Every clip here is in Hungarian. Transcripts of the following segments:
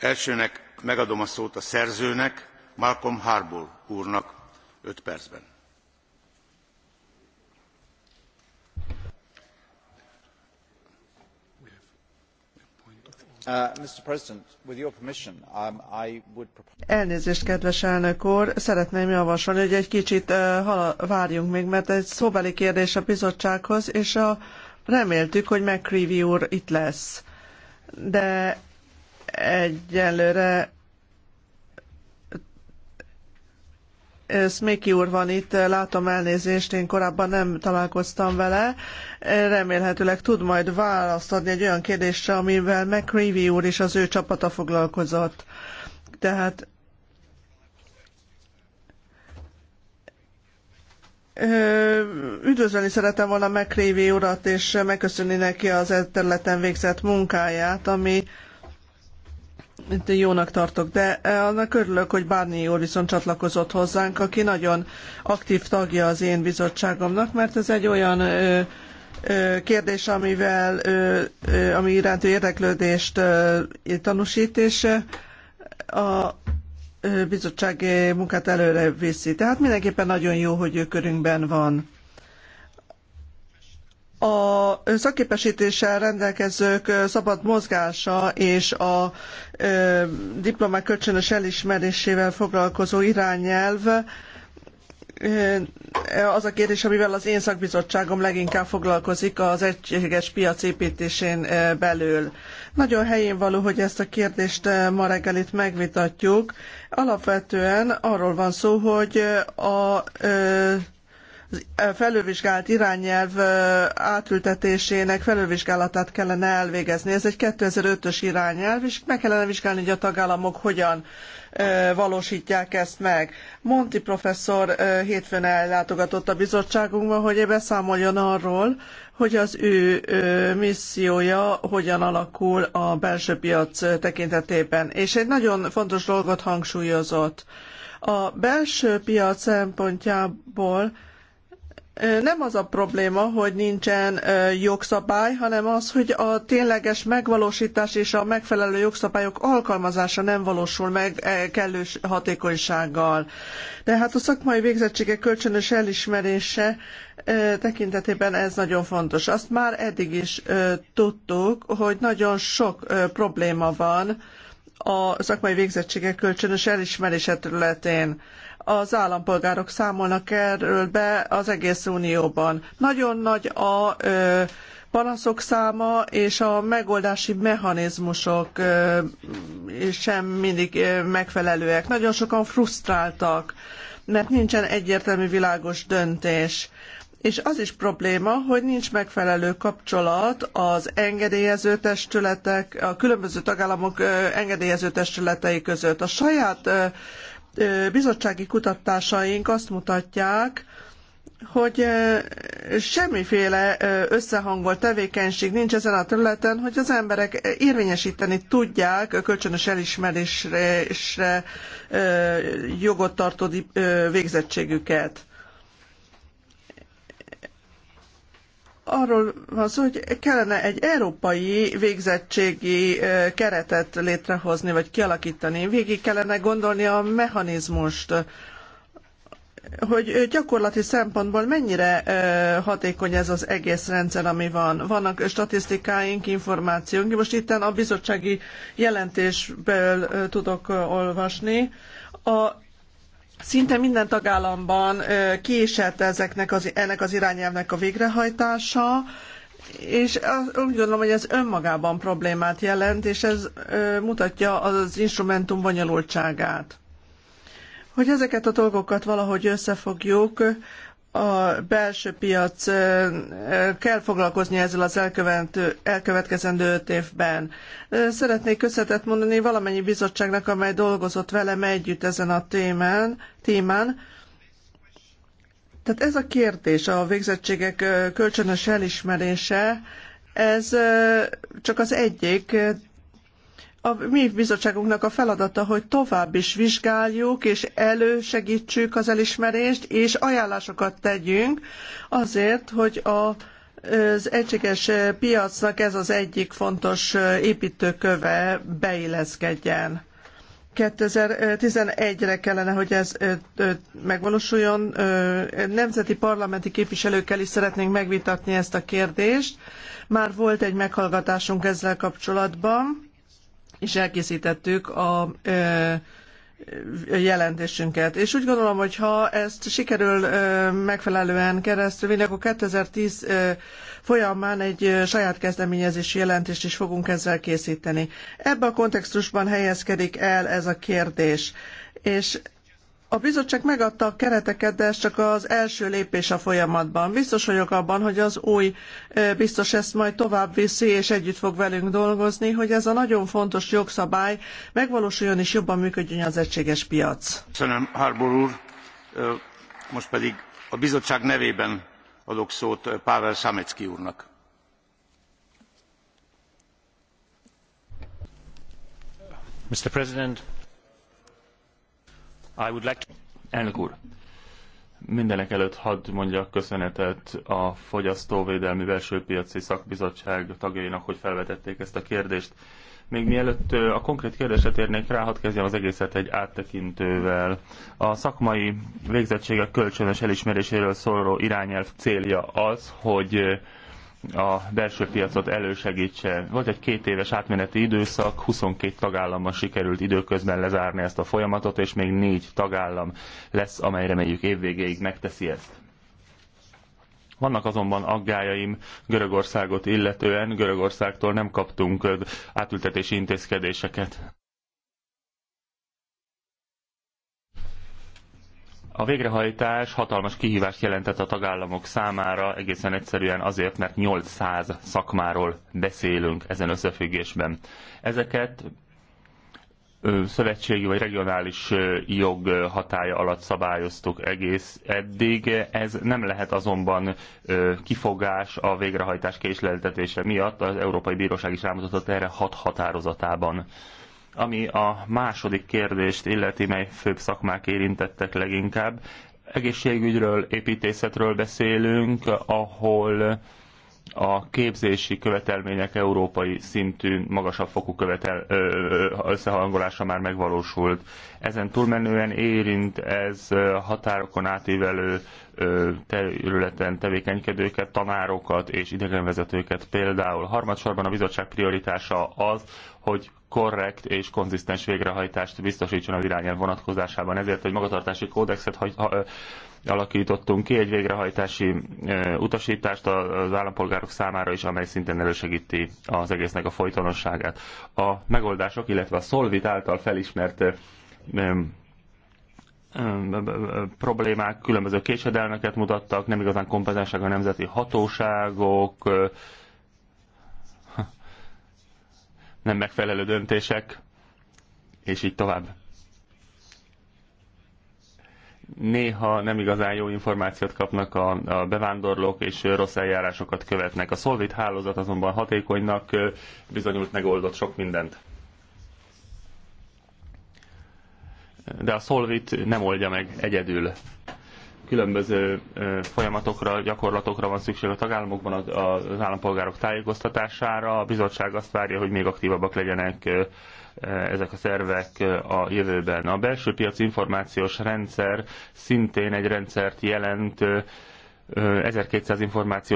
elsőnek megadom a szót a szerzőnek malcolm harbour úrnak five percben. Uh, um, elnézést kedves elnök úr szeretném javasolni hogy egy kicsit uh, várjunk még mert egy szóbeli kérdés a bizottsághoz és a, reméltük hogy mccreevy úr itt lesz de egyelőre Smiki úr van itt, látom elnézést, én korábban nem találkoztam vele. Remélhetőleg tud majd választ adni egy olyan kérdésre, amivel McCreevy úr és az ő csapata foglalkozott. Tehát Üdvözölni szeretem volna McCreevy urat, és megköszönni neki az e területen végzett munkáját, ami jónak tartok, de eh, annak örülök, hogy Barney úr viszont csatlakozott hozzánk, aki nagyon aktív tagja az én bizottságomnak, mert ez egy olyan ö, eh, eh, kérdés, amivel, ami iránt érdeklődést tanúsít, és a bizottság munkát előre viszi. Tehát mindenképpen nagyon jó, hogy ő körünkben van a szakképesítéssel rendelkezők szabad mozgása és a diplomák kölcsönös elismerésével foglalkozó irányelv az a kérdés, amivel az én szakbizottságom leginkább foglalkozik az egységes piac építésén belül. Nagyon helyén való, hogy ezt a kérdést ma reggel itt megvitatjuk. Alapvetően arról van szó, hogy a felülvizsgált irányelv átültetésének felülvizsgálatát kellene elvégezni. Ez egy 2005-ös irányelv, és meg kellene vizsgálni, hogy a tagállamok hogyan valósítják ezt meg. Monti professzor hétfőn ellátogatott a bizottságunkba, hogy beszámoljon arról, hogy az ő missziója hogyan alakul a belső piac tekintetében. És egy nagyon fontos dolgot hangsúlyozott. A belső piac szempontjából nem az a probléma, hogy nincsen jogszabály, hanem az, hogy a tényleges megvalósítás és a megfelelő jogszabályok alkalmazása nem valósul meg e, kellő hatékonysággal. Tehát a szakmai végzettségek kölcsönös elismerése tekintetében ez nagyon fontos. Azt már eddig is tudtuk, hogy nagyon sok probléma van a szakmai végzettségek kölcsönös elismerése területén az állampolgárok számolnak erről be az egész Unióban. Nagyon nagy a ö, panaszok száma és a megoldási mechanizmusok sem mindig megfelelőek. Nagyon sokan frusztráltak, mert nincsen egyértelmű világos döntés. És az is probléma, hogy nincs megfelelő kapcsolat az engedélyező testületek, a különböző tagállamok engedélyező testületei között. A saját bizottsági kutatásaink azt mutatják, hogy semmiféle összehangolt tevékenység nincs ezen a területen, hogy az emberek érvényesíteni tudják a kölcsönös elismerésre jogot tartó végzettségüket. arról van szó, hogy kellene egy európai végzettségi keretet létrehozni, vagy kialakítani. Végig kellene gondolni a mechanizmust, hogy gyakorlati szempontból mennyire hatékony ez az egész rendszer, ami van. Vannak statisztikáink, információink. Most itten a bizottsági jelentésből tudok olvasni. A Szinte minden tagállamban kiesett ezeknek az, ennek az irányelvnek a végrehajtása, és úgy gondolom, hogy ez önmagában problémát jelent, és ez mutatja az instrumentum bonyolultságát. Hogy ezeket a dolgokat valahogy összefogjuk, a belső piac kell foglalkozni ezzel az elkövető, elkövetkezendő öt évben. Szeretnék köszönetet mondani valamennyi bizottságnak, amely dolgozott velem együtt ezen a témán, témán. Tehát ez a kérdés, a végzettségek kölcsönös elismerése, ez csak az egyik, a mi bizottságunknak a feladata, hogy tovább is vizsgáljuk, és elősegítsük az elismerést, és ajánlásokat tegyünk azért, hogy a az egységes piacnak ez az egyik fontos építőköve beilleszkedjen. 2011-re kellene, hogy ez megvalósuljon. Nemzeti parlamenti képviselőkkel is szeretnénk megvitatni ezt a kérdést. Már volt egy meghallgatásunk ezzel kapcsolatban és elkészítettük a ö, jelentésünket. És úgy gondolom, hogy ha ezt sikerül megfelelően keresztül vinni, akkor 2010 folyamán egy saját kezdeményezési jelentést is fogunk ezzel készíteni. Ebben a kontextusban helyezkedik el ez a kérdés. És a bizottság megadta a kereteket, de ez csak az első lépés a folyamatban. Biztos vagyok abban, hogy az új biztos ezt majd tovább viszi, és együtt fog velünk dolgozni, hogy ez a nagyon fontos jogszabály megvalósuljon és jobban működjön az egységes piac. Köszönöm, úr. Most pedig a bizottság nevében adok szót Samecki úrnak. Mr. President, I would like to... Elnök úr, mindenek előtt hadd mondjak köszönetet a Fogyasztóvédelmi Belső Piaci Szakbizottság tagjainak, hogy felvetették ezt a kérdést. Még mielőtt a konkrét kérdésre térnék rá, hadd kezdjem az egészet egy áttekintővel. A szakmai végzettségek kölcsönös elismeréséről szóló irányelv célja az, hogy a belső piacot elősegítse. Volt egy két éves átmeneti időszak, 22 tagállammal sikerült időközben lezárni ezt a folyamatot, és még négy tagállam lesz, amely reméljük évvégéig megteszi ezt. Vannak azonban aggájaim Görögországot illetően, Görögországtól nem kaptunk átültetési intézkedéseket. A végrehajtás hatalmas kihívást jelentett a tagállamok számára, egészen egyszerűen azért, mert 800 szakmáról beszélünk ezen összefüggésben. Ezeket szövetségi vagy regionális jog hatája alatt szabályoztuk egész eddig. Ez nem lehet azonban kifogás a végrehajtás késleltetése miatt. Az Európai Bíróság is rámutatott erre hat határozatában. Ami a második kérdést illeti, mely főbb szakmák érintettek leginkább, egészségügyről, építészetről beszélünk, ahol a képzési követelmények európai szintű magasabb fokú követel, összehangolása már megvalósult. Ezen túlmenően érint ez határokon átívelő területen tevékenykedőket, tanárokat és idegenvezetőket például. Harmadsorban a bizottság prioritása az, hogy korrekt és konzisztens végrehajtást biztosítson az irányelv vonatkozásában. Ezért egy magatartási kódexet ha, ha, alakítottunk ki, egy végrehajtási e, utasítást az állampolgárok számára is, amely szintén elősegíti az egésznek a folytonosságát. A megoldások, illetve a Solvit által felismert e, problémák különböző késedelmeket mutattak, nem igazán kompenzálság a nemzeti hatóságok, nem megfelelő döntések, és így tovább. Néha nem igazán jó információt kapnak a, a bevándorlók, és rossz eljárásokat követnek. A Solvit hálózat azonban hatékonynak bizonyult megoldott sok mindent. De a Solvit nem oldja meg egyedül különböző folyamatokra, gyakorlatokra van szükség a tagállamokban, az állampolgárok tájékoztatására. A bizottság azt várja, hogy még aktívabbak legyenek ezek a szervek a jövőben. A belső piac információs rendszer szintén egy rendszert jelent, 1200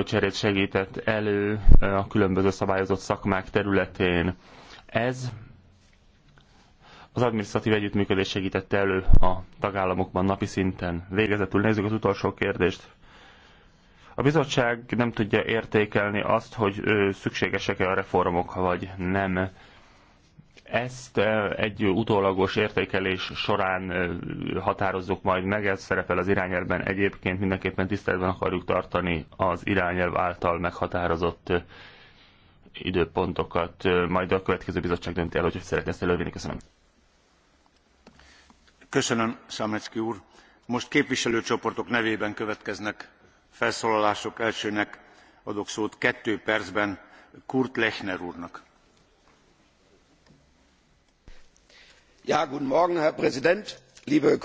cserét segített elő a különböző szabályozott szakmák területén. Ez az adminisztratív együttműködés segítette elő a tagállamokban napi szinten. Végezetül nézzük az utolsó kérdést. A bizottság nem tudja értékelni azt, hogy szükségesek-e a reformok, vagy nem. Ezt egy utólagos értékelés során határozzuk majd meg, ez szerepel az irányelvben. Egyébként mindenképpen tiszteletben akarjuk tartani az irányelv által meghatározott időpontokat. Majd a következő bizottság dönti el, hogy szeretne ezt elővinni. Köszönöm. Köszönöm, úr. Most képviselőcsoportok nevében következnek felszólalások. Elsőnek adok szót kettő percben Kurt Lechner úrnak. Ja, guten Morgen, Herr Präsident, liebe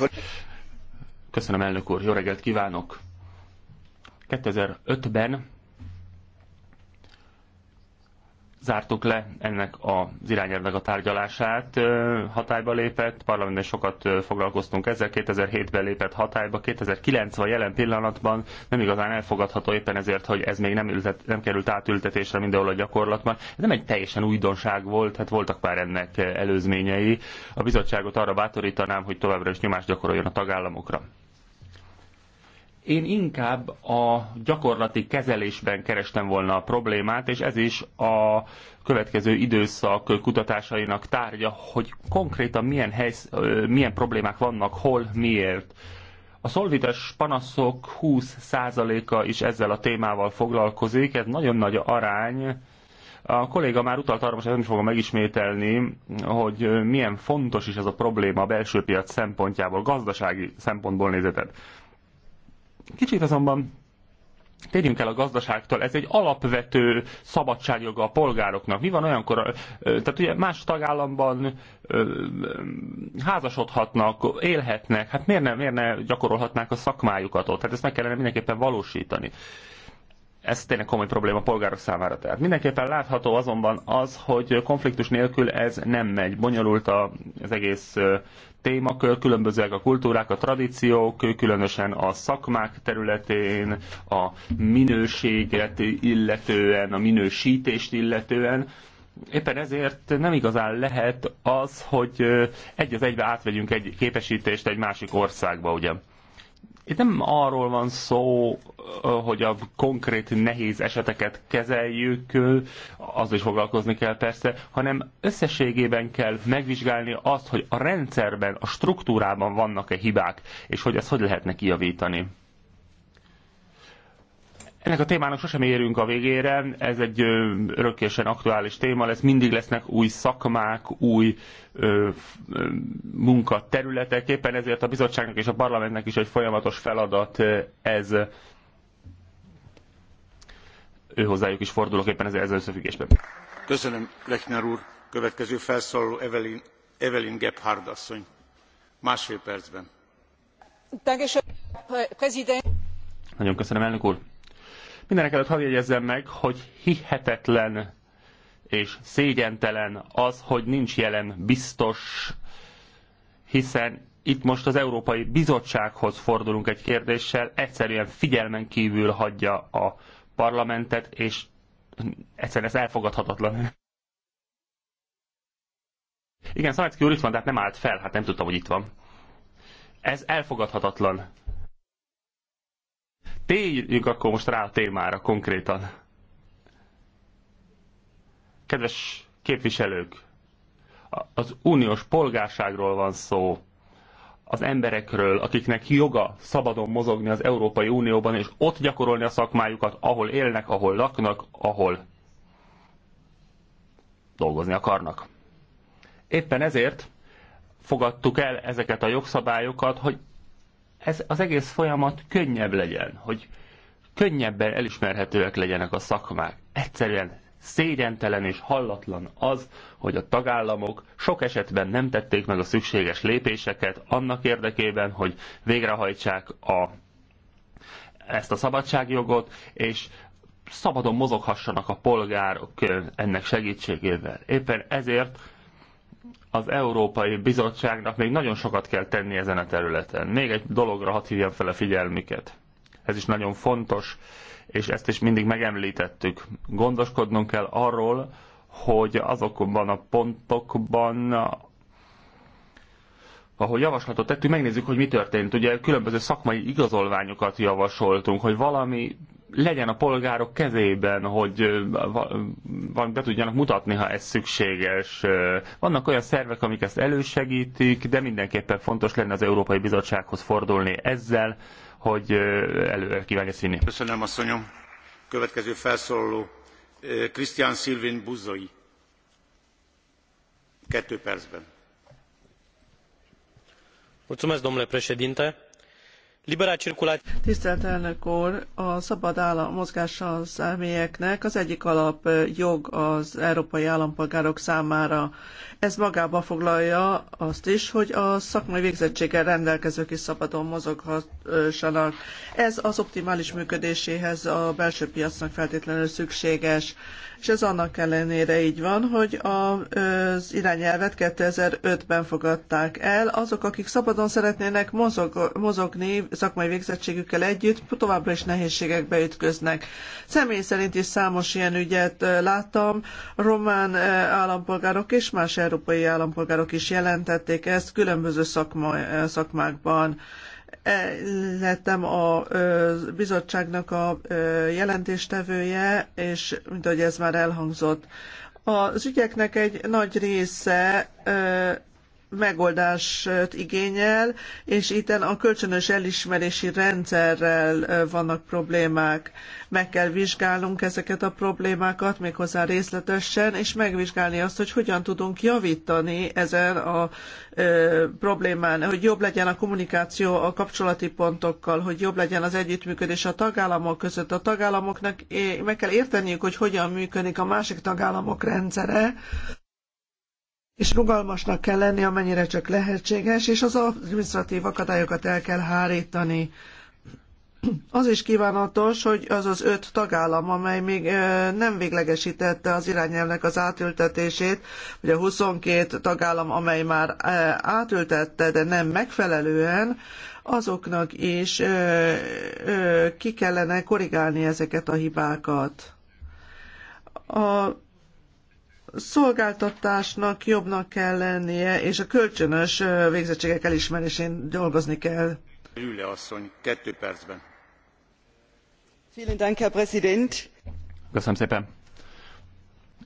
Köszönöm, elnök úr. Jó reggelt kívánok! 2005-ben zártuk le ennek az irányelvnek a tárgyalását. Hatályba lépett, parlamentben sokat foglalkoztunk ezzel, 2007-ben lépett hatályba, 2009 ben jelen pillanatban nem igazán elfogadható éppen ezért, hogy ez még nem, ültet, nem került átültetésre mindenhol a gyakorlatban. Ez nem egy teljesen újdonság volt, hát voltak már ennek előzményei. A bizottságot arra bátorítanám, hogy továbbra is nyomást gyakoroljon a tagállamokra. Én inkább a gyakorlati kezelésben kerestem volna a problémát, és ez is a következő időszak kutatásainak tárgya, hogy konkrétan milyen, helysz, milyen problémák vannak, hol, miért. A szolvitas panaszok 20%-a is ezzel a témával foglalkozik, ez nagyon nagy arány. A kolléga már utalt arra, most nem fogom megismételni, hogy milyen fontos is ez a probléma a belső piac szempontjából, gazdasági szempontból nézeted. Kicsit azonban Térjünk el a gazdaságtól, ez egy alapvető szabadságjoga a polgároknak. Mi van olyankor, tehát ugye más tagállamban házasodhatnak, élhetnek, hát miért ne, miért ne gyakorolhatnák a szakmájukat ott? Tehát ezt meg kellene mindenképpen valósítani ez tényleg komoly probléma a polgárok számára. Tehát mindenképpen látható azonban az, hogy konfliktus nélkül ez nem megy. Bonyolult az egész témakör, különbözőek a kultúrák, a tradíciók, különösen a szakmák területén, a minőséget illetően, a minősítést illetően. Éppen ezért nem igazán lehet az, hogy egy az egybe átvegyünk egy képesítést egy másik országba, ugye. Itt nem arról van szó, hogy a konkrét nehéz eseteket kezeljük, az is foglalkozni kell persze, hanem összességében kell megvizsgálni azt, hogy a rendszerben, a struktúrában vannak-e hibák, és hogy ezt hogy lehetne kijavítani. Ennek a témának sosem érünk a végére, ez egy örökkésen aktuális téma lesz, mindig lesznek új szakmák, új ö, ö, munkaterületek, éppen ezért a bizottságnak és a parlamentnek is egy folyamatos feladat ez. Ő hozzájuk is fordulok éppen ezzel, ezzel összefüggésben. Köszönöm, Lechner úr. Következő felszólaló Evelyn, Evelyn Gebhard asszony. Másfél percben. Nagyon köszönöm, elnök úr. Mindenek előtt hadd jegyezzem meg, hogy hihetetlen és szégyentelen az, hogy nincs jelen biztos, hiszen itt most az Európai Bizottsághoz fordulunk egy kérdéssel, egyszerűen figyelmen kívül hagyja a parlamentet, és egyszerűen ez elfogadhatatlan. Igen, Szamecki úr itt van, de hát nem állt fel, hát nem tudtam, hogy itt van. Ez elfogadhatatlan. Térjünk akkor most rá a témára konkrétan. Kedves képviselők, az uniós polgárságról van szó, az emberekről, akiknek joga szabadon mozogni az Európai Unióban, és ott gyakorolni a szakmájukat, ahol élnek, ahol laknak, ahol dolgozni akarnak. Éppen ezért fogadtuk el ezeket a jogszabályokat, hogy ez az egész folyamat könnyebb legyen, hogy könnyebben elismerhetőek legyenek a szakmák. Egyszerűen szégyentelen és hallatlan az, hogy a tagállamok sok esetben nem tették meg a szükséges lépéseket annak érdekében, hogy végrehajtsák a, ezt a szabadságjogot, és szabadon mozoghassanak a polgárok ennek segítségével. Éppen ezért az Európai Bizottságnak még nagyon sokat kell tenni ezen a területen. Még egy dologra hadd hívjam fel a figyelmüket. Ez is nagyon fontos, és ezt is mindig megemlítettük. Gondoskodnunk kell arról, hogy azokban a pontokban, ahol javaslatot tettünk, megnézzük, hogy mi történt. Ugye különböző szakmai igazolványokat javasoltunk, hogy valami legyen a polgárok kezében, hogy be tudjanak mutatni, ha ez szükséges. Vannak olyan szervek, amik ezt elősegítik, de mindenképpen fontos lenne az Európai Bizottsághoz fordulni ezzel, hogy elő kívánja színi. Köszönöm, asszonyom. Következő felszólaló, Krisztián Szilvin Buzoi. Kettő percben. Mulțumesc, domnule președinte Tisztelt elnök úr, a szabad állam mozgása a személyeknek az egyik alap jog az európai állampolgárok számára. Ez magába foglalja azt is, hogy a szakmai végzettséggel rendelkezők is szabadon mozoghassanak. Ez az optimális működéséhez a belső piacnak feltétlenül szükséges és ez annak ellenére így van, hogy az irányelvet 2005-ben fogadták el. Azok, akik szabadon szeretnének mozog, mozogni szakmai végzettségükkel együtt, továbbra is nehézségekbe ütköznek. Személy szerint is számos ilyen ügyet láttam. Román állampolgárok és más európai állampolgárok is jelentették ezt különböző szakma, szakmákban lettem a bizottságnak a jelentéstevője, és mint ahogy ez már elhangzott, az ügyeknek egy nagy része megoldást igényel, és itten a kölcsönös elismerési rendszerrel vannak problémák. Meg kell vizsgálnunk ezeket a problémákat méghozzá részletesen, és megvizsgálni azt, hogy hogyan tudunk javítani ezen a ö, problémán, hogy jobb legyen a kommunikáció a kapcsolati pontokkal, hogy jobb legyen az együttműködés a tagállamok között. A tagállamoknak meg kell érteniük, hogy hogyan működik a másik tagállamok rendszere, és rugalmasnak kell lenni, amennyire csak lehetséges, és az administratív akadályokat el kell hárítani. Az is kívánatos, hogy az az öt tagállam, amely még nem véglegesítette az irányelvnek az átültetését, vagy a 22 tagállam, amely már átültette, de nem megfelelően, azoknak is ki kellene korrigálni ezeket a hibákat. A szolgáltatásnak jobbnak kell lennie, és a kölcsönös végzettségek elismerésén dolgozni kell. Rüle asszony, kettő percben. Köszönöm szépen.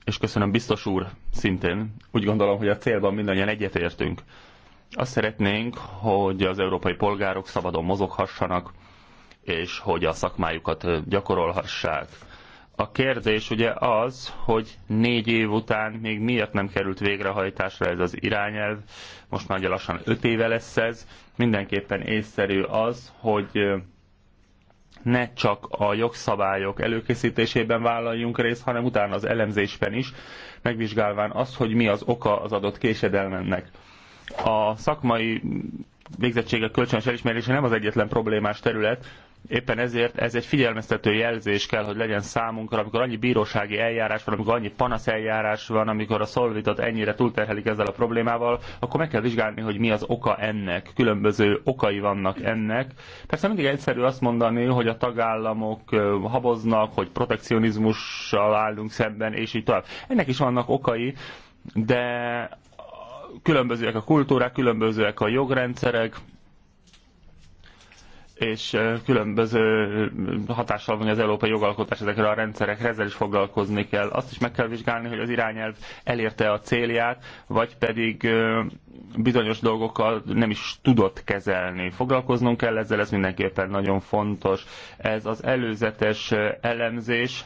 És köszönöm biztos úr szintén. Úgy gondolom, hogy a célban mindannyian egyetértünk. Azt szeretnénk, hogy az európai polgárok szabadon mozoghassanak, és hogy a szakmájukat gyakorolhassák a kérdés ugye az, hogy négy év után még miért nem került végrehajtásra ez az irányelv, most már ugye lassan öt éve lesz ez, mindenképpen észszerű az, hogy ne csak a jogszabályok előkészítésében vállaljunk részt, hanem utána az elemzésben is, megvizsgálván azt, hogy mi az oka az adott késedelmennek. A szakmai végzettségek kölcsönös elismerése nem az egyetlen problémás terület, Éppen ezért ez egy figyelmeztető jelzés kell, hogy legyen számunkra, amikor annyi bírósági eljárás van, amikor annyi panasz eljárás van, amikor a szolvitot ennyire túlterhelik ezzel a problémával, akkor meg kell vizsgálni, hogy mi az oka ennek. Különböző okai vannak ennek. Persze mindig egyszerű azt mondani, hogy a tagállamok haboznak, hogy protekcionizmussal állunk szemben, és így tovább. Ennek is vannak okai, de különbözőek a kultúrák, különbözőek a jogrendszerek, és különböző hatással van az európai jogalkotás ezekre a rendszerekre, ezzel is foglalkozni kell. Azt is meg kell vizsgálni, hogy az irányelv elérte a célját, vagy pedig bizonyos dolgokkal nem is tudott kezelni. Foglalkoznunk kell ezzel, ez mindenképpen nagyon fontos. Ez az előzetes elemzés,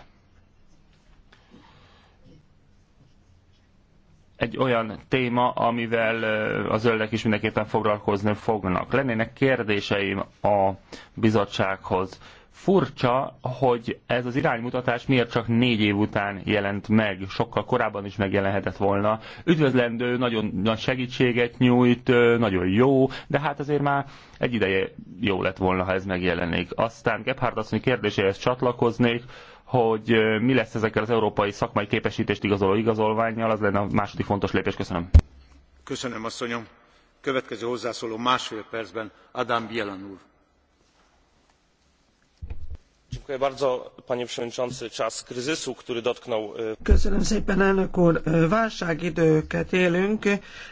egy olyan téma, amivel a zöldek is mindenképpen foglalkozni fognak. Lennének kérdéseim a bizottsághoz Furcsa, hogy ez az iránymutatás miért csak négy év után jelent meg, sokkal korábban is megjelenhetett volna. Üdvözlendő, nagyon nagy segítséget nyújt, nagyon jó, de hát azért már egy ideje jó lett volna, ha ez megjelenik. Aztán Gebhard asszony kérdéséhez csatlakoznék, hogy mi lesz ezekkel az európai szakmai képesítést igazoló igazolványjal, az lenne a második fontos lépés. Köszönöm. Köszönöm, asszonyom. Következő hozzászóló másfél percben Adam Bielan úr Köszönöm szépen, elnök úr. Válságidőket élünk,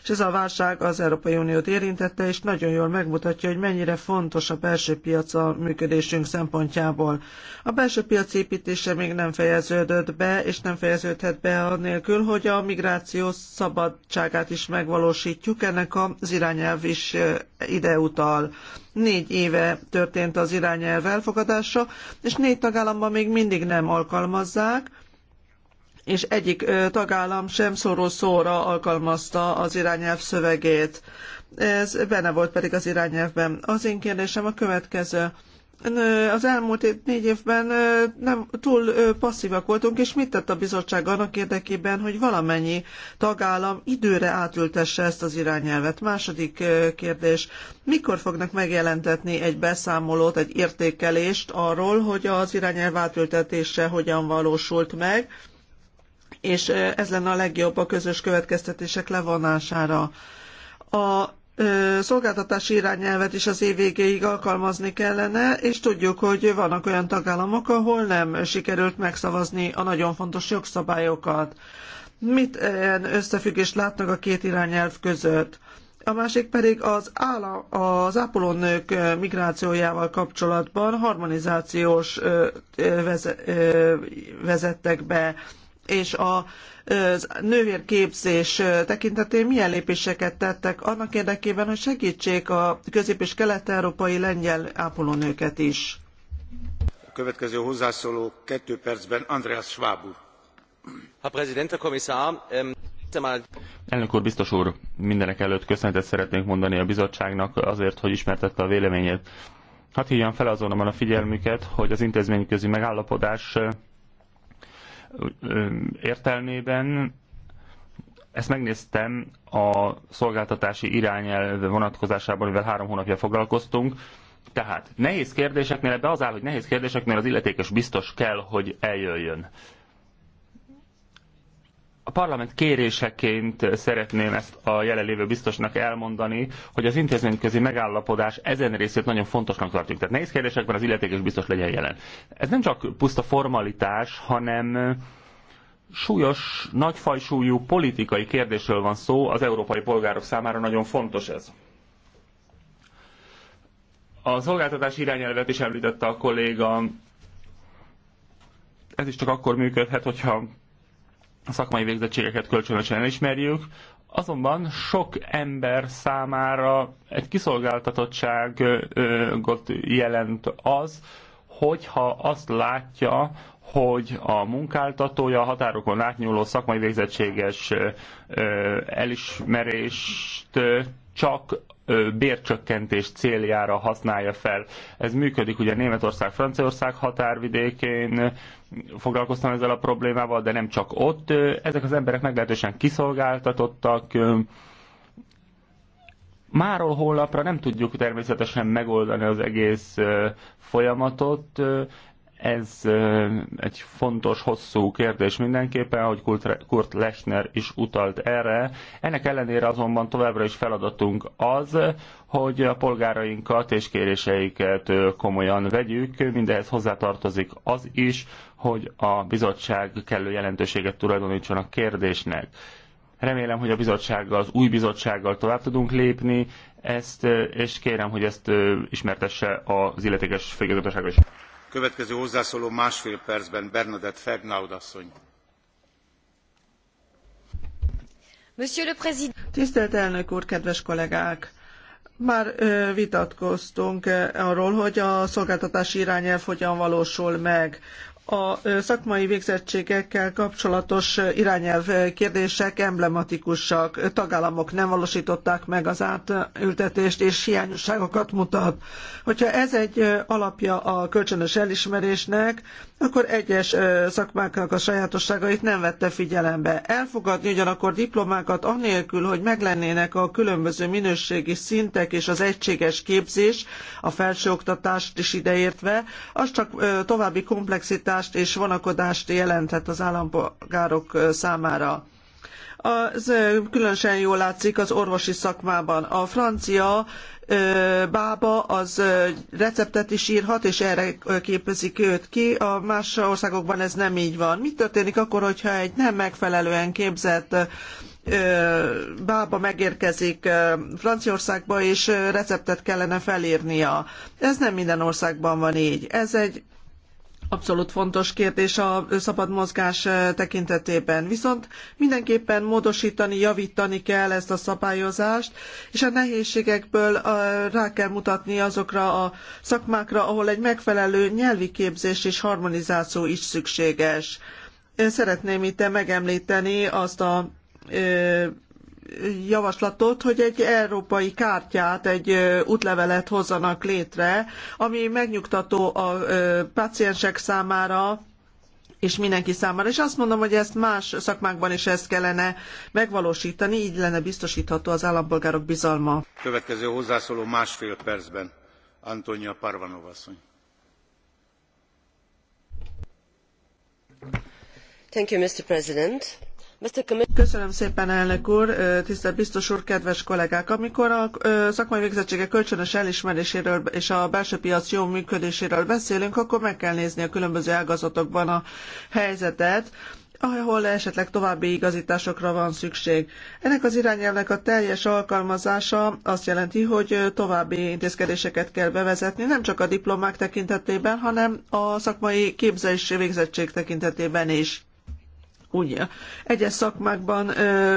és ez a válság az Európai Uniót érintette, és nagyon jól megmutatja, hogy mennyire fontos a belső piac a működésünk szempontjából. A belső piac éptése még nem fejeződött be, és nem fejeződhet be anélkül hogy a migráció szabadságát is megvalósítjuk. Ennek az irányelv is ide utal. Négy éve történt az irányelv elfogadása, és négy tagállamban még mindig nem alkalmazzák, és egyik tagállam sem szóró szóra alkalmazta az irányelv szövegét. Ez benne volt pedig az irányelvben. Az én kérdésem a következő az elmúlt négy évben nem túl passzívak voltunk, és mit tett a bizottság annak érdekében, hogy valamennyi tagállam időre átültesse ezt az irányelvet? Második kérdés, mikor fognak megjelentetni egy beszámolót, egy értékelést arról, hogy az irányelv átültetése hogyan valósult meg, és ez lenne a legjobb a közös következtetések levonására. A szolgáltatási irányelvet is az év végéig alkalmazni kellene, és tudjuk, hogy vannak olyan tagállamok, ahol nem sikerült megszavazni a nagyon fontos jogszabályokat. Mit összefüggést látnak a két irányelv között? A másik pedig az, állam, az ápolónők migrációjával kapcsolatban harmonizációs vezettek be és a nővérképzés tekintetén milyen lépéseket tettek annak érdekében, hogy segítsék a közép- és kelet-európai lengyel ápolónőket is. A következő hozzászóló kettő percben Andreas Schwab úr. Herr Präsident, Herr Kommissar, ähm Elnök úr, biztos úr, mindenek előtt köszönetet szeretnénk mondani a bizottságnak azért, hogy ismertette a véleményét. Hadd hívjam fel azonban a figyelmüket, hogy az intézményközi megállapodás értelmében ezt megnéztem a szolgáltatási irányelv vonatkozásában, mivel három hónapja foglalkoztunk. Tehát nehéz kérdéseknél, ebbe az áll, hogy nehéz kérdéseknél az illetékes biztos kell, hogy eljöjjön a parlament kéréseként szeretném ezt a jelenlévő biztosnak elmondani, hogy az intézményközi megállapodás ezen részét nagyon fontosnak tartjuk. Tehát nehéz kérdésekben az illetékes biztos legyen jelen. Ez nem csak puszta formalitás, hanem súlyos, nagyfajsúlyú politikai kérdésről van szó, az európai polgárok számára nagyon fontos ez. A szolgáltatás irányelvet is említette a kolléga. Ez is csak akkor működhet, hogyha szakmai végzettségeket kölcsönösen elismerjük, azonban sok ember számára egy kiszolgáltatottságot jelent az, hogyha azt látja, hogy a munkáltatója a határokon átnyúló szakmai végzettséges elismerést csak bércsökkentés céljára használja fel. Ez működik ugye Németország-Franciaország határvidékén, foglalkoztam ezzel a problémával, de nem csak ott. Ezek az emberek meglehetősen kiszolgáltatottak, Máról holnapra nem tudjuk természetesen megoldani az egész folyamatot, ez egy fontos, hosszú kérdés mindenképpen, hogy Kurt Lechner is utalt erre. Ennek ellenére azonban továbbra is feladatunk az, hogy a polgárainkat és kéréseiket komolyan vegyük. Mindehez hozzátartozik az is, hogy a bizottság kellő jelentőséget tulajdonítson a kérdésnek. Remélem, hogy a bizottsággal, az új bizottsággal tovább tudunk lépni ezt, és kérem, hogy ezt ismertesse az illetékes főigazgatóság is. Következő hozzászóló másfél percben Bernadette Fegnaud asszony. Tisztelt elnök úr, kedves kollégák! Már vitatkoztunk arról, hogy a szolgáltatási irányelv hogyan valósul meg a szakmai végzettségekkel kapcsolatos irányelv kérdések emblematikusak. Tagállamok nem valósították meg az átültetést, és hiányosságokat mutat. Hogyha ez egy alapja a kölcsönös elismerésnek, akkor egyes szakmáknak a sajátosságait nem vette figyelembe. Elfogadni ugyanakkor diplomákat anélkül, hogy meglennének a különböző minőségi szintek és az egységes képzés, a felsőoktatást is ideértve, az csak további komplexitást és vonakodást jelenthet az állampolgárok számára. Az különösen jól látszik az orvosi szakmában. A francia bába az receptet is írhat, és erre képezik őt ki. A más országokban ez nem így van. Mi történik akkor, hogyha egy nem megfelelően képzett bába megérkezik Franciaországba, és receptet kellene felírnia. Ez nem minden országban van így. Ez egy abszolút fontos kérdés a szabad mozgás eh, tekintetében. Viszont mindenképpen módosítani, javítani kell ezt a szabályozást, és a nehézségekből eh, rá kell mutatni azokra a szakmákra, ahol egy megfelelő nyelvi képzés és harmonizáció is szükséges. Szeretném itt megemlíteni azt a eh, javaslatot, hogy egy európai kártyát, egy útlevelet hozzanak létre, ami megnyugtató a páciensek számára, és mindenki számára. És azt mondom, hogy ezt más szakmákban is ezt kellene megvalósítani, így lenne biztosítható az állampolgárok bizalma. Következő hozzászóló másfél percben, Antonia Parvanov asszony. Thank you, Mr. President Köszönöm szépen, tisztelt biztos úr, kedves kollégák! Amikor a szakmai végzettségek kölcsönös elismeréséről és a belső piac jó működéséről beszélünk, akkor meg kell nézni a különböző ágazatokban a helyzetet ahol esetleg további igazításokra van szükség. Ennek az irányelvnek a teljes alkalmazása azt jelenti, hogy további intézkedéseket kell bevezetni, nem csak a diplomák tekintetében, hanem a szakmai képzés végzettség tekintetében is. Úgy, egyes szakmákban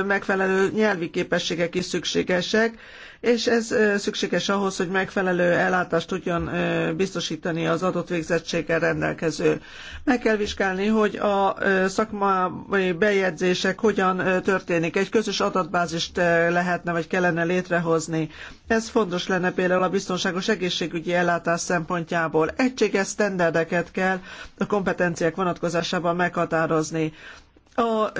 megfelelő nyelvi képességek is szükségesek, és ez szükséges ahhoz, hogy megfelelő ellátást tudjon biztosítani az adott végzettséggel rendelkező. Meg kell vizsgálni, hogy a szakmai bejegyzések hogyan történik. Egy közös adatbázist lehetne vagy kellene létrehozni. Ez fontos lenne például a biztonságos egészségügyi ellátás szempontjából. Egységes sztenderdeket kell a kompetenciák vonatkozásában meghatározni a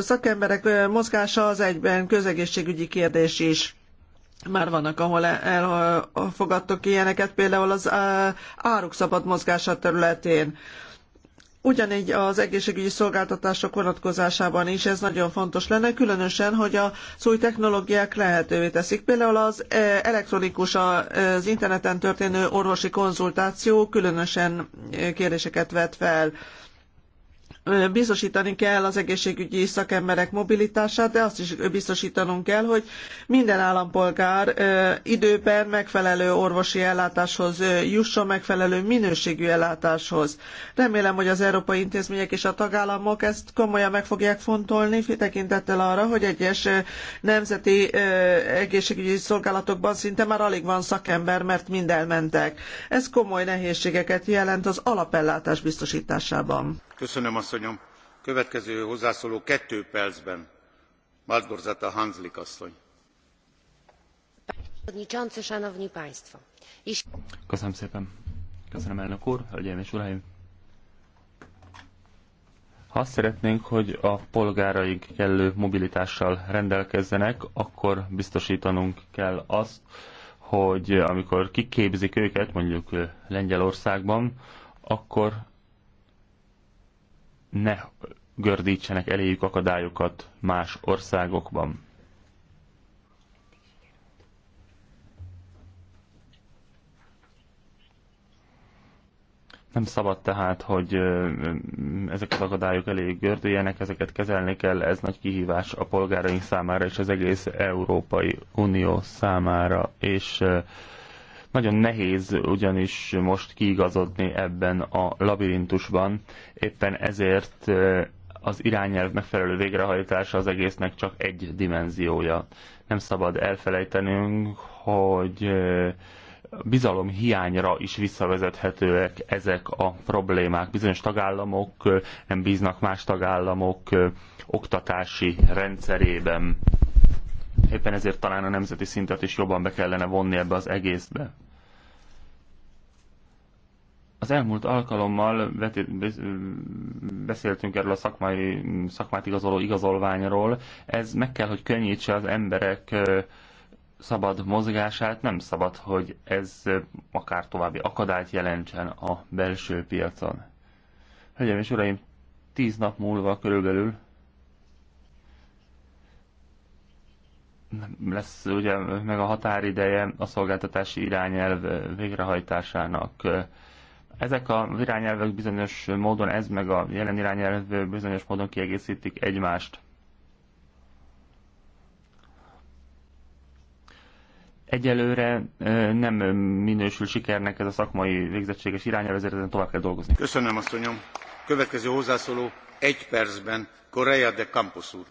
szakemberek mozgása az egyben közegészségügyi kérdés is. Már vannak, ahol elfogadtok ilyeneket, például az áruk szabad mozgása területén. Ugyanígy az egészségügyi szolgáltatások vonatkozásában is ez nagyon fontos lenne, különösen, hogy az új technológiák lehetővé teszik. Például az elektronikus, az interneten történő orvosi konzultáció különösen kérdéseket vet fel biztosítani kell az egészségügyi szakemberek mobilitását, de azt is biztosítanunk kell, hogy minden állampolgár időben megfelelő orvosi ellátáshoz jusson, megfelelő minőségű ellátáshoz. Remélem, hogy az európai intézmények és a tagállamok ezt komolyan meg fogják fontolni, tekintettel arra, hogy egyes nemzeti egészségügyi szolgálatokban szinte már alig van szakember, mert mind elmentek. Ez komoly nehézségeket jelent az alapellátás biztosításában. Köszönöm, asszonyom. Következő kettő asszony. uraim. Ha azt szeretnénk, hogy a polgáraink kellő mobilitással rendelkezzenek, akkor biztosítanunk kell azt, hogy amikor kiképzik őket, mondjuk Lengyelországban, akkor ne gördítsenek eléjük akadályokat más országokban. Nem szabad tehát, hogy ezek az akadályok elég gördüljenek, ezeket kezelni kell, ez nagy kihívás a polgáraink számára és az egész Európai Unió számára, és nagyon nehéz ugyanis most kiigazodni ebben a labirintusban, éppen ezért az irányelv megfelelő végrehajtása az egésznek csak egy dimenziója. Nem szabad elfelejtenünk, hogy bizalom hiányra is visszavezethetőek ezek a problémák. Bizonyos tagállamok nem bíznak más tagállamok oktatási rendszerében. Éppen ezért talán a nemzeti szintet is jobban be kellene vonni ebbe az egészbe. Az elmúlt alkalommal beszéltünk erről a szakmai, szakmát igazoló igazolványról. Ez meg kell, hogy könnyítse az emberek szabad mozgását, nem szabad, hogy ez akár további akadályt jelentsen a belső piacon. Hölgyeim és uraim, tíz nap múlva körülbelül lesz ugye meg a határideje a szolgáltatási irányelv végrehajtásának ezek a irányelvek bizonyos módon, ez meg a jelen irányelv bizonyos módon kiegészítik egymást. Egyelőre nem minősül sikernek ez a szakmai végzettséges irányelv, ezért ezen tovább kell dolgozni. Köszönöm, asszonyom. Következő hozzászóló egy percben Korea de Campos úr.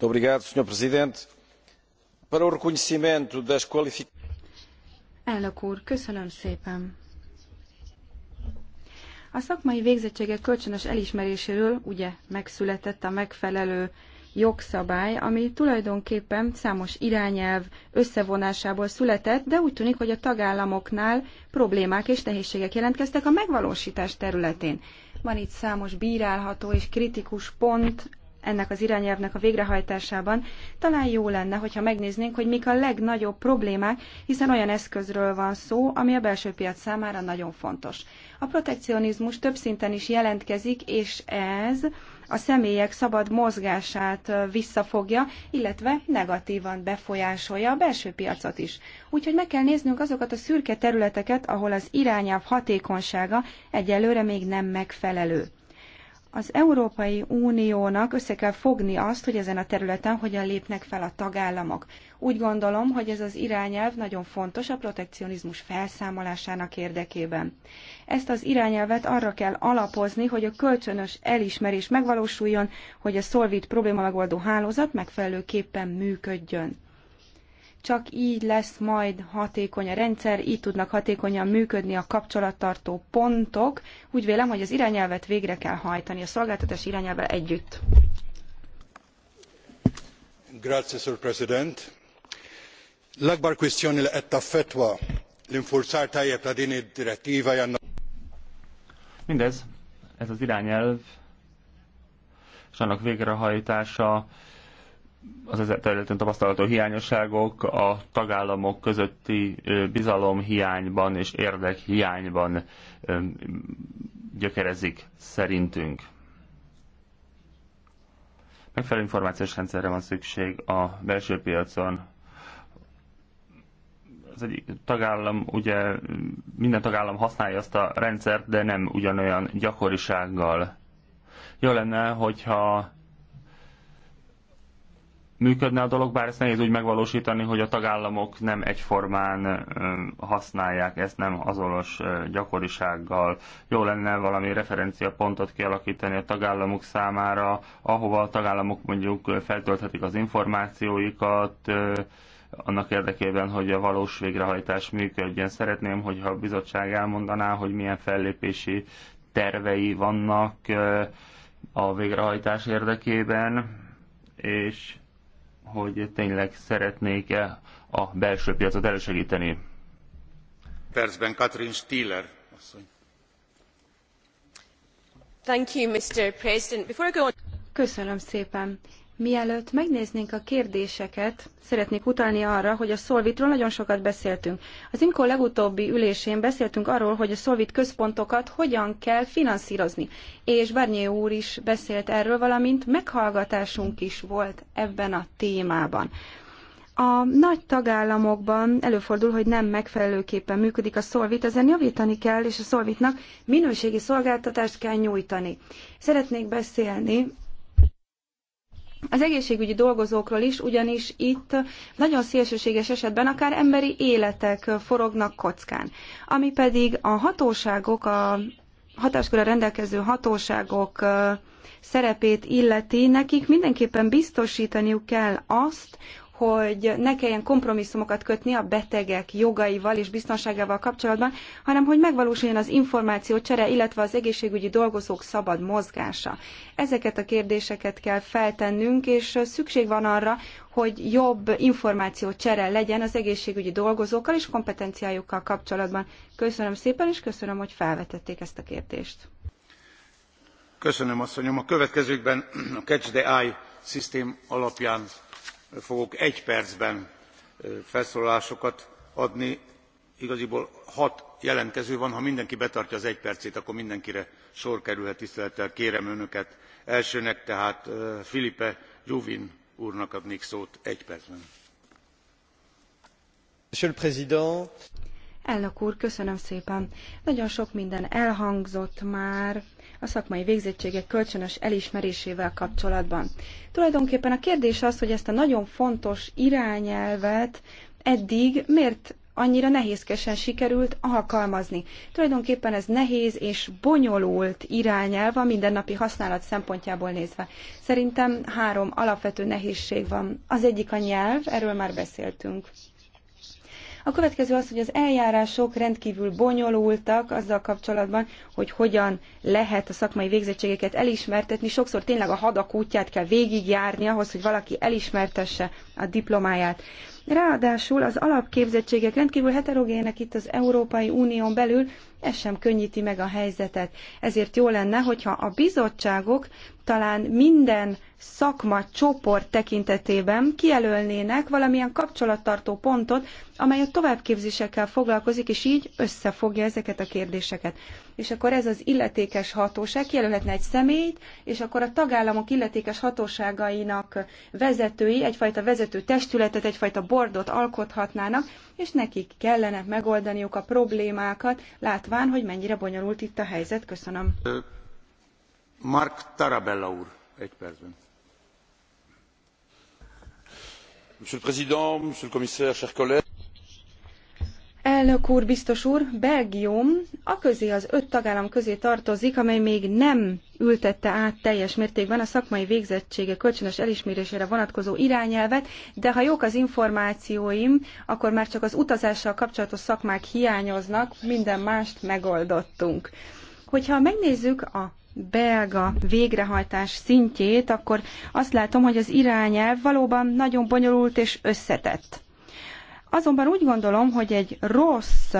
Obrigado, Sr. Presidente. Para o reconhecimento das qualificações Elnök úr, köszönöm szépen. A szakmai végzettségek kölcsönös elismeréséről ugye megszületett a megfelelő jogszabály, ami tulajdonképpen számos irányelv összevonásából született, de úgy tűnik, hogy a tagállamoknál problémák és nehézségek jelentkeztek a megvalósítás területén. Van itt számos bírálható és kritikus pont, ennek az irányelvnek a végrehajtásában, talán jó lenne, hogyha megnéznénk, hogy mik a legnagyobb problémák, hiszen olyan eszközről van szó, ami a belső piac számára nagyon fontos. A protekcionizmus több szinten is jelentkezik, és ez a személyek szabad mozgását visszafogja, illetve negatívan befolyásolja a belső piacot is. Úgyhogy meg kell néznünk azokat a szürke területeket, ahol az irányelv hatékonysága egyelőre még nem megfelelő. Az Európai Uniónak össze kell fogni azt, hogy ezen a területen hogyan lépnek fel a tagállamok. Úgy gondolom, hogy ez az irányelv nagyon fontos a protekcionizmus felszámolásának érdekében. Ezt az irányelvet arra kell alapozni, hogy a kölcsönös elismerés megvalósuljon, hogy a Solvit probléma megoldó hálózat megfelelőképpen működjön. Csak így lesz majd hatékony a rendszer, így tudnak hatékonyan működni a kapcsolattartó pontok. Úgy vélem, hogy az irányelvet végre kell hajtani a szolgáltatás irányelvvel együtt. Grazie, Sir President. L-akbar kwistjoni li qed taffettwa l direttiva janna. Mindez, ez az irányelv, és annak végrehajtása az ezer területen tapasztalható hiányosságok a tagállamok közötti bizalom hiányban és érdek hiányban gyökerezik szerintünk. Megfelelő információs rendszerre van szükség a belső piacon. Az egyik tagállam, ugye minden tagállam használja azt a rendszert, de nem ugyanolyan gyakorisággal. Jó lenne, hogyha működne a dolog, bár ezt nehéz úgy megvalósítani, hogy a tagállamok nem egyformán használják ezt, nem azonos gyakorisággal. Jó lenne valami referenciapontot kialakítani a tagállamok számára, ahova a tagállamok mondjuk feltölthetik az információikat, annak érdekében, hogy a valós végrehajtás működjön. Szeretném, hogyha a bizottság elmondaná, hogy milyen fellépési tervei vannak a végrehajtás érdekében, és hogy tényleg szeretnék-e a belső piacot elősegíteni. Percben Katrin Stieler asszony. Thank you, Mr. President. Before I go on... Köszönöm szépen. Mielőtt megnéznénk a kérdéseket, szeretnék utalni arra, hogy a Szolvitról nagyon sokat beszéltünk. Az IMCO legutóbbi ülésén beszéltünk arról, hogy a Szolvit központokat hogyan kell finanszírozni. És Barnyé úr is beszélt erről, valamint meghallgatásunk is volt ebben a témában. A nagy tagállamokban előfordul, hogy nem megfelelőképpen működik a szolvit, ezen javítani kell, és a szolvitnak minőségi szolgáltatást kell nyújtani. Szeretnék beszélni az egészségügyi dolgozókról is, ugyanis itt nagyon szélsőséges esetben akár emberi életek forognak kockán. Ami pedig a hatóságok, a hatáskörre rendelkező hatóságok szerepét illeti, nekik mindenképpen biztosítaniuk kell azt, hogy ne kelljen kompromisszumokat kötni a betegek jogaival és biztonságával kapcsolatban, hanem hogy megvalósuljon az információ csere, illetve az egészségügyi dolgozók szabad mozgása. Ezeket a kérdéseket kell feltennünk, és szükség van arra, hogy jobb információ csere legyen az egészségügyi dolgozókkal és kompetenciájukkal kapcsolatban. Köszönöm szépen, és köszönöm, hogy felvetették ezt a kérdést. Köszönöm, asszonyom. A következőkben a Catch the Eye szisztém alapján fogok egy percben felszólalásokat adni igaziból hat jelentkező van ha mindenki betartja az egy percét akkor mindenkire sor kerülhet tisztelettel kérem önöket elsőnek tehát philippe juvin úrnak adnék szót egy percben. monsieur le président elnök úr köszönöm szépen nagyon sok minden elhangzott már a szakmai végzettségek kölcsönös elismerésével kapcsolatban. Tulajdonképpen a kérdés az, hogy ezt a nagyon fontos irányelvet eddig miért annyira nehézkesen sikerült alkalmazni. Tulajdonképpen ez nehéz és bonyolult irányelv a mindennapi használat szempontjából nézve. Szerintem három alapvető nehézség van. Az egyik a nyelv, erről már beszéltünk. A következő az, hogy az eljárások rendkívül bonyolultak azzal kapcsolatban, hogy hogyan lehet a szakmai végzettségeket elismertetni. Sokszor tényleg a hadak útját kell végigjárni ahhoz, hogy valaki elismertesse a diplomáját. Ráadásul az alapképzettségek rendkívül heterogének itt az Európai Unión belül, ez sem könnyíti meg a helyzetet. Ezért jó lenne, hogyha a bizottságok talán minden szakma csoport tekintetében kijelölnének valamilyen kapcsolattartó pontot, amely a továbbképzésekkel foglalkozik, és így összefogja ezeket a kérdéseket és akkor ez az illetékes hatóság kijelölhetne egy személyt, és akkor a tagállamok illetékes hatóságainak vezetői egyfajta vezető testületet, egyfajta bordot alkothatnának, és nekik kellene megoldaniuk a problémákat, látván, hogy mennyire bonyolult itt a helyzet. Köszönöm. Mark Tarabella úr, egy percben. Monsieur le Président, Monsieur le Commissaire, chers collègues. Elnök úr, biztos úr, Belgium a közé az öt tagállam közé tartozik, amely még nem ültette át teljes mértékben a szakmai végzettsége kölcsönös elismerésére vonatkozó irányelvet, de ha jók az információim, akkor már csak az utazással kapcsolatos szakmák hiányoznak, minden mást megoldottunk. Hogyha megnézzük a belga végrehajtás szintjét, akkor azt látom, hogy az irányelv valóban nagyon bonyolult és összetett Azonban úgy gondolom, hogy egy rossz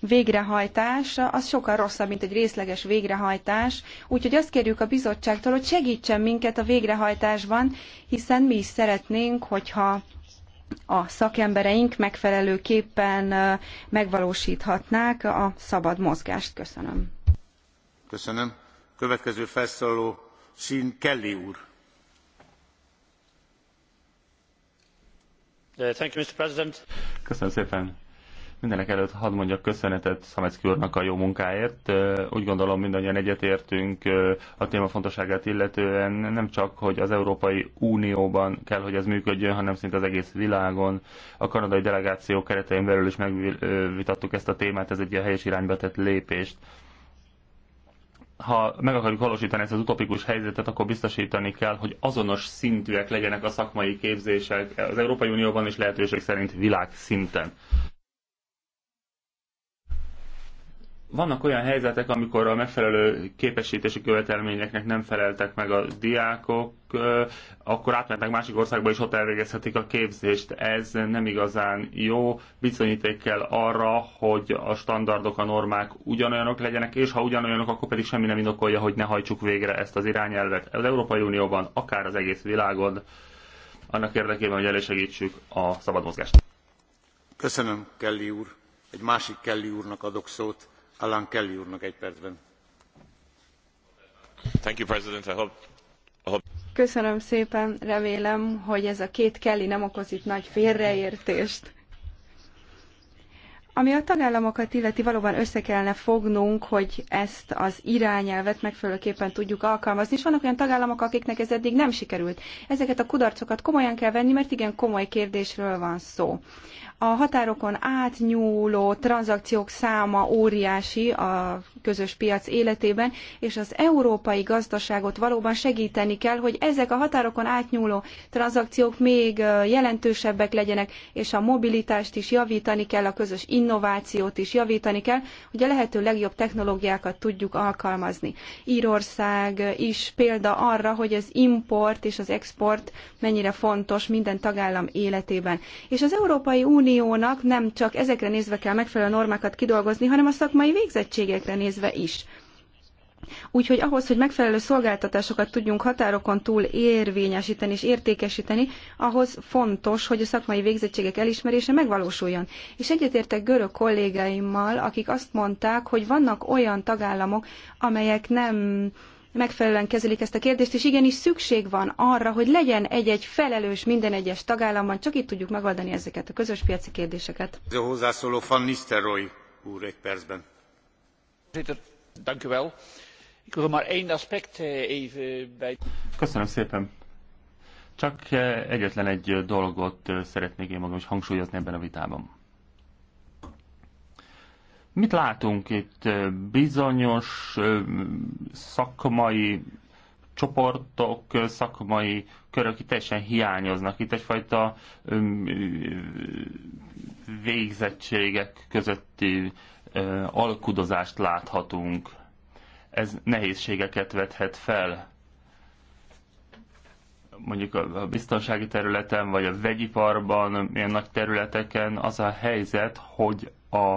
végrehajtás, az sokkal rosszabb, mint egy részleges végrehajtás, úgyhogy azt kérjük a bizottságtól, hogy segítsen minket a végrehajtásban, hiszen mi is szeretnénk, hogyha a szakembereink megfelelőképpen megvalósíthatnák a szabad mozgást. Köszönöm. Köszönöm. Következő felszólaló Sin Kelly úr Uh, Köszönöm szépen. hadd mondjak köszönetet Szamecki úrnak a jó munkáért. Uh, úgy gondolom mindannyian egyetértünk uh, a téma fontosságát illetően nem csak, hogy az Európai Unióban kell, hogy ez működjön, hanem szinte az egész világon. A kanadai delegáció keretein belül is megvitattuk ezt a témát, ez egy ilyen helyes irányba tett lépést ha meg akarjuk valósítani ezt az utopikus helyzetet, akkor biztosítani kell, hogy azonos szintűek legyenek a szakmai képzések az Európai Unióban is lehetőség szerint világszinten. Vannak olyan helyzetek, amikor a megfelelő képesítési követelményeknek nem feleltek meg a diákok, akkor átmentek másik országba, és ott elvégezhetik a képzést. Ez nem igazán jó bizonyíték kell arra, hogy a standardok, a normák ugyanolyanok legyenek, és ha ugyanolyanok, akkor pedig semmi nem indokolja, hogy ne hajtsuk végre ezt az irányelvet. Az Európai Unióban, akár az egész világon, annak érdekében, hogy elősegítsük a szabad mozgást. Köszönöm, Kelly úr. Egy másik Kelly úrnak adok szót köszönöm szépen remélem hogy ez a két kelly nem okoz itt nagy félreértést. Ami a tagállamokat illeti, valóban össze kellene fognunk, hogy ezt az irányelvet megfelelőképpen tudjuk alkalmazni, és vannak olyan tagállamok, akiknek ez eddig nem sikerült. Ezeket a kudarcokat komolyan kell venni, mert igen komoly kérdésről van szó. A határokon átnyúló tranzakciók száma óriási a közös piac életében, és az európai gazdaságot valóban segíteni kell, hogy ezek a határokon átnyúló tranzakciók még jelentősebbek legyenek, és a mobilitást is javítani kell a közös innovációt is javítani kell, hogy a lehető legjobb technológiákat tudjuk alkalmazni. Írország is példa arra, hogy az import és az export mennyire fontos minden tagállam életében. És az Európai Uniónak nem csak ezekre nézve kell megfelelő normákat kidolgozni, hanem a szakmai végzettségekre nézve is. Úgyhogy ahhoz, hogy megfelelő szolgáltatásokat tudjunk határokon túl érvényesíteni és értékesíteni, ahhoz fontos, hogy a szakmai végzettségek elismerése megvalósuljon. És egyetértek görög kollégáimmal, akik azt mondták, hogy vannak olyan tagállamok, amelyek nem megfelelően kezelik ezt a kérdést, és igenis szükség van arra, hogy legyen egy-egy felelős minden egyes tagállamban, csak itt tudjuk megoldani ezeket a közös piaci kérdéseket. A hozzászóló Van Nistelrooy úr egy percben. Er eh, Köszönöm szépen. Csak eh, egyetlen egy eh, dolgot szeretnék én magam is hangsúlyozni ebben a vitában. Mit látunk itt? Bizonyos szakmai csoportok, szakmai körök itt teljesen hiányoznak. Itt egyfajta végzettségek közötti alkudozást láthatunk ez nehézségeket vethet fel. Mondjuk a biztonsági területen, vagy a vegyiparban, ilyen nagy területeken az a helyzet, hogy a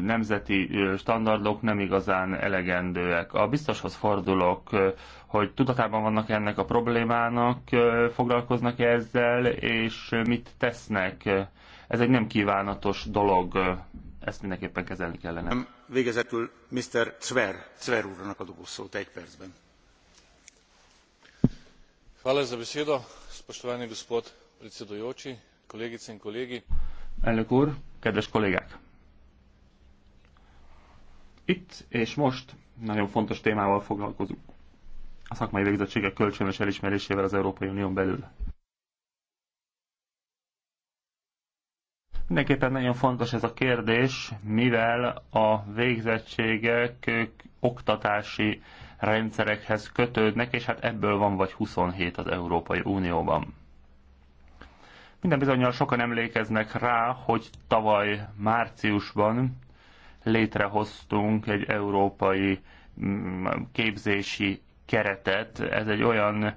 nemzeti standardok nem igazán elegendőek. A biztoshoz fordulok, hogy tudatában vannak ennek a problémának, foglalkoznak -e ezzel, és mit tesznek. Ez egy nem kívánatos dolog, ezt mindenképpen kezelni kellene végezetül mr zver zver úrnak adok szót egy percben. elnök úr kedves kollégák! itt és most nagyon fontos témával foglalkozunk a szakmai végzettségek kölcsönös elismerésével az európai unión belül. Mindenképpen nagyon fontos ez a kérdés, mivel a végzettségek oktatási rendszerekhez kötődnek, és hát ebből van vagy 27 az Európai Unióban. Minden bizonyal sokan emlékeznek rá, hogy tavaly márciusban létrehoztunk egy európai mm, képzési keretet. Ez egy olyan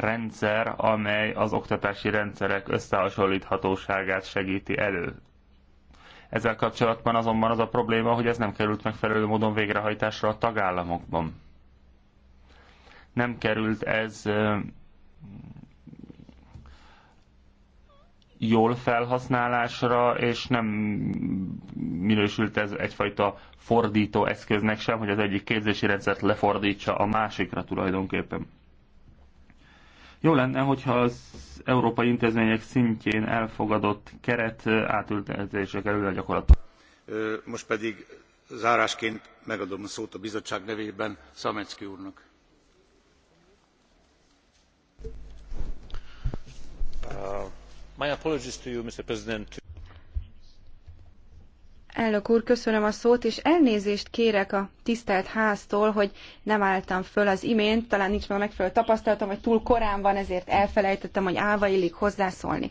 rendszer, amely az oktatási rendszerek összehasonlíthatóságát segíti elő. Ezzel kapcsolatban azonban az a probléma, hogy ez nem került megfelelő módon végrehajtásra a tagállamokban. Nem került ez jól felhasználásra, és nem minősült ez egyfajta fordító eszköznek sem, hogy az egyik képzési rendszert lefordítsa a másikra tulajdonképpen. Jó lenne, hogyha az európai intézmények szintjén elfogadott keret átültetésre kerül a gyakorlatba. Most pedig zárásként megadom a szót a bizottság nevében Szamecki úrnak. Uh, my apologies to you, Mr. President. Elnök úr, köszönöm a szót, és elnézést kérek a tisztelt háztól, hogy nem álltam föl az imént, talán nincs meg a megfelelő tapasztalatom, vagy túl korán van, ezért elfelejtettem, hogy állva illik hozzászólni.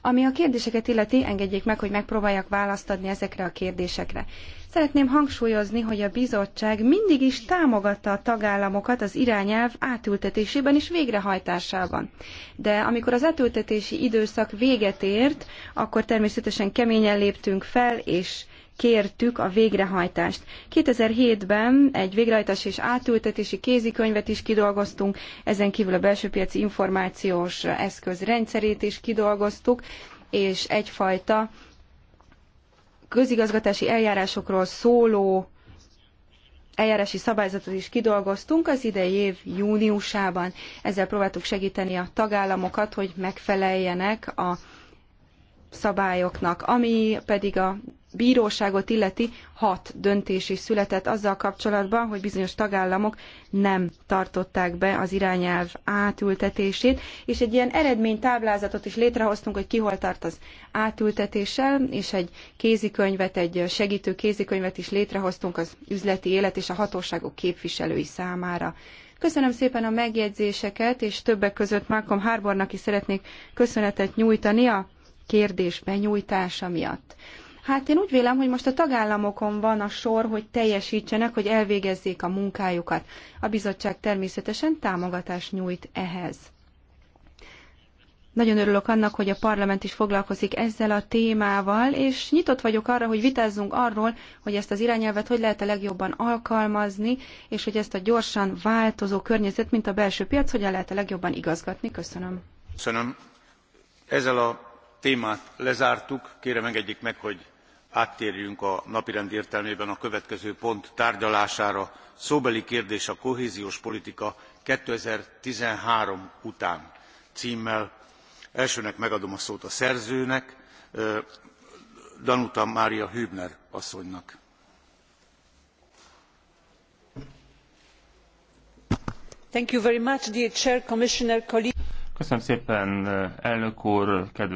Ami a kérdéseket illeti, engedjék meg, hogy megpróbáljak választ adni ezekre a kérdésekre. Szeretném hangsúlyozni, hogy a bizottság mindig is támogatta a tagállamokat az irányelv átültetésében és végrehajtásában. De amikor az átültetési időszak véget ért, akkor természetesen keményen léptünk fel, és kértük a végrehajtást. 2007-ben egy végrehajtás és átültetési kézikönyvet is kidolgoztunk, ezen kívül a belső piaci információs eszköz rendszerét is kidolgoztuk, és egyfajta közigazgatási eljárásokról szóló eljárási szabályzatot is kidolgoztunk az idei év júniusában. Ezzel próbáltuk segíteni a tagállamokat, hogy megfeleljenek a szabályoknak, ami pedig a bíróságot illeti hat döntés is született azzal kapcsolatban, hogy bizonyos tagállamok nem tartották be az irányelv átültetését, és egy ilyen eredménytáblázatot is létrehoztunk, hogy ki hol tart az átültetéssel, és egy kézikönyvet, egy segítő kézikönyvet is létrehoztunk az üzleti élet és a hatóságok képviselői számára. Köszönöm szépen a megjegyzéseket, és többek között Malcolm Harbornak is szeretnék köszönetet nyújtani a kérdés benyújtása miatt. Hát én úgy vélem, hogy most a tagállamokon van a sor, hogy teljesítsenek, hogy elvégezzék a munkájukat. A bizottság természetesen támogatást nyújt ehhez. Nagyon örülök annak, hogy a parlament is foglalkozik ezzel a témával, és nyitott vagyok arra, hogy vitázzunk arról, hogy ezt az irányelvet hogy lehet a legjobban alkalmazni, és hogy ezt a gyorsan változó környezet, mint a belső piac, hogyan lehet a legjobban igazgatni. Köszönöm. Köszönöm. Ezzel a témát lezártuk. Kérem engedjék meg, hogy áttérjünk a napirend értelmében a következő pont tárgyalására szóbeli kérdés a kohéziós politika two thousand and thirteen után cmmel. elsőnek megadom a szót a szerzőnek danuta maria hübner asszonynak. Köszönöm szépen, elnök úr, kedves